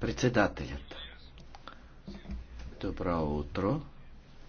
Председателят. Добро утро.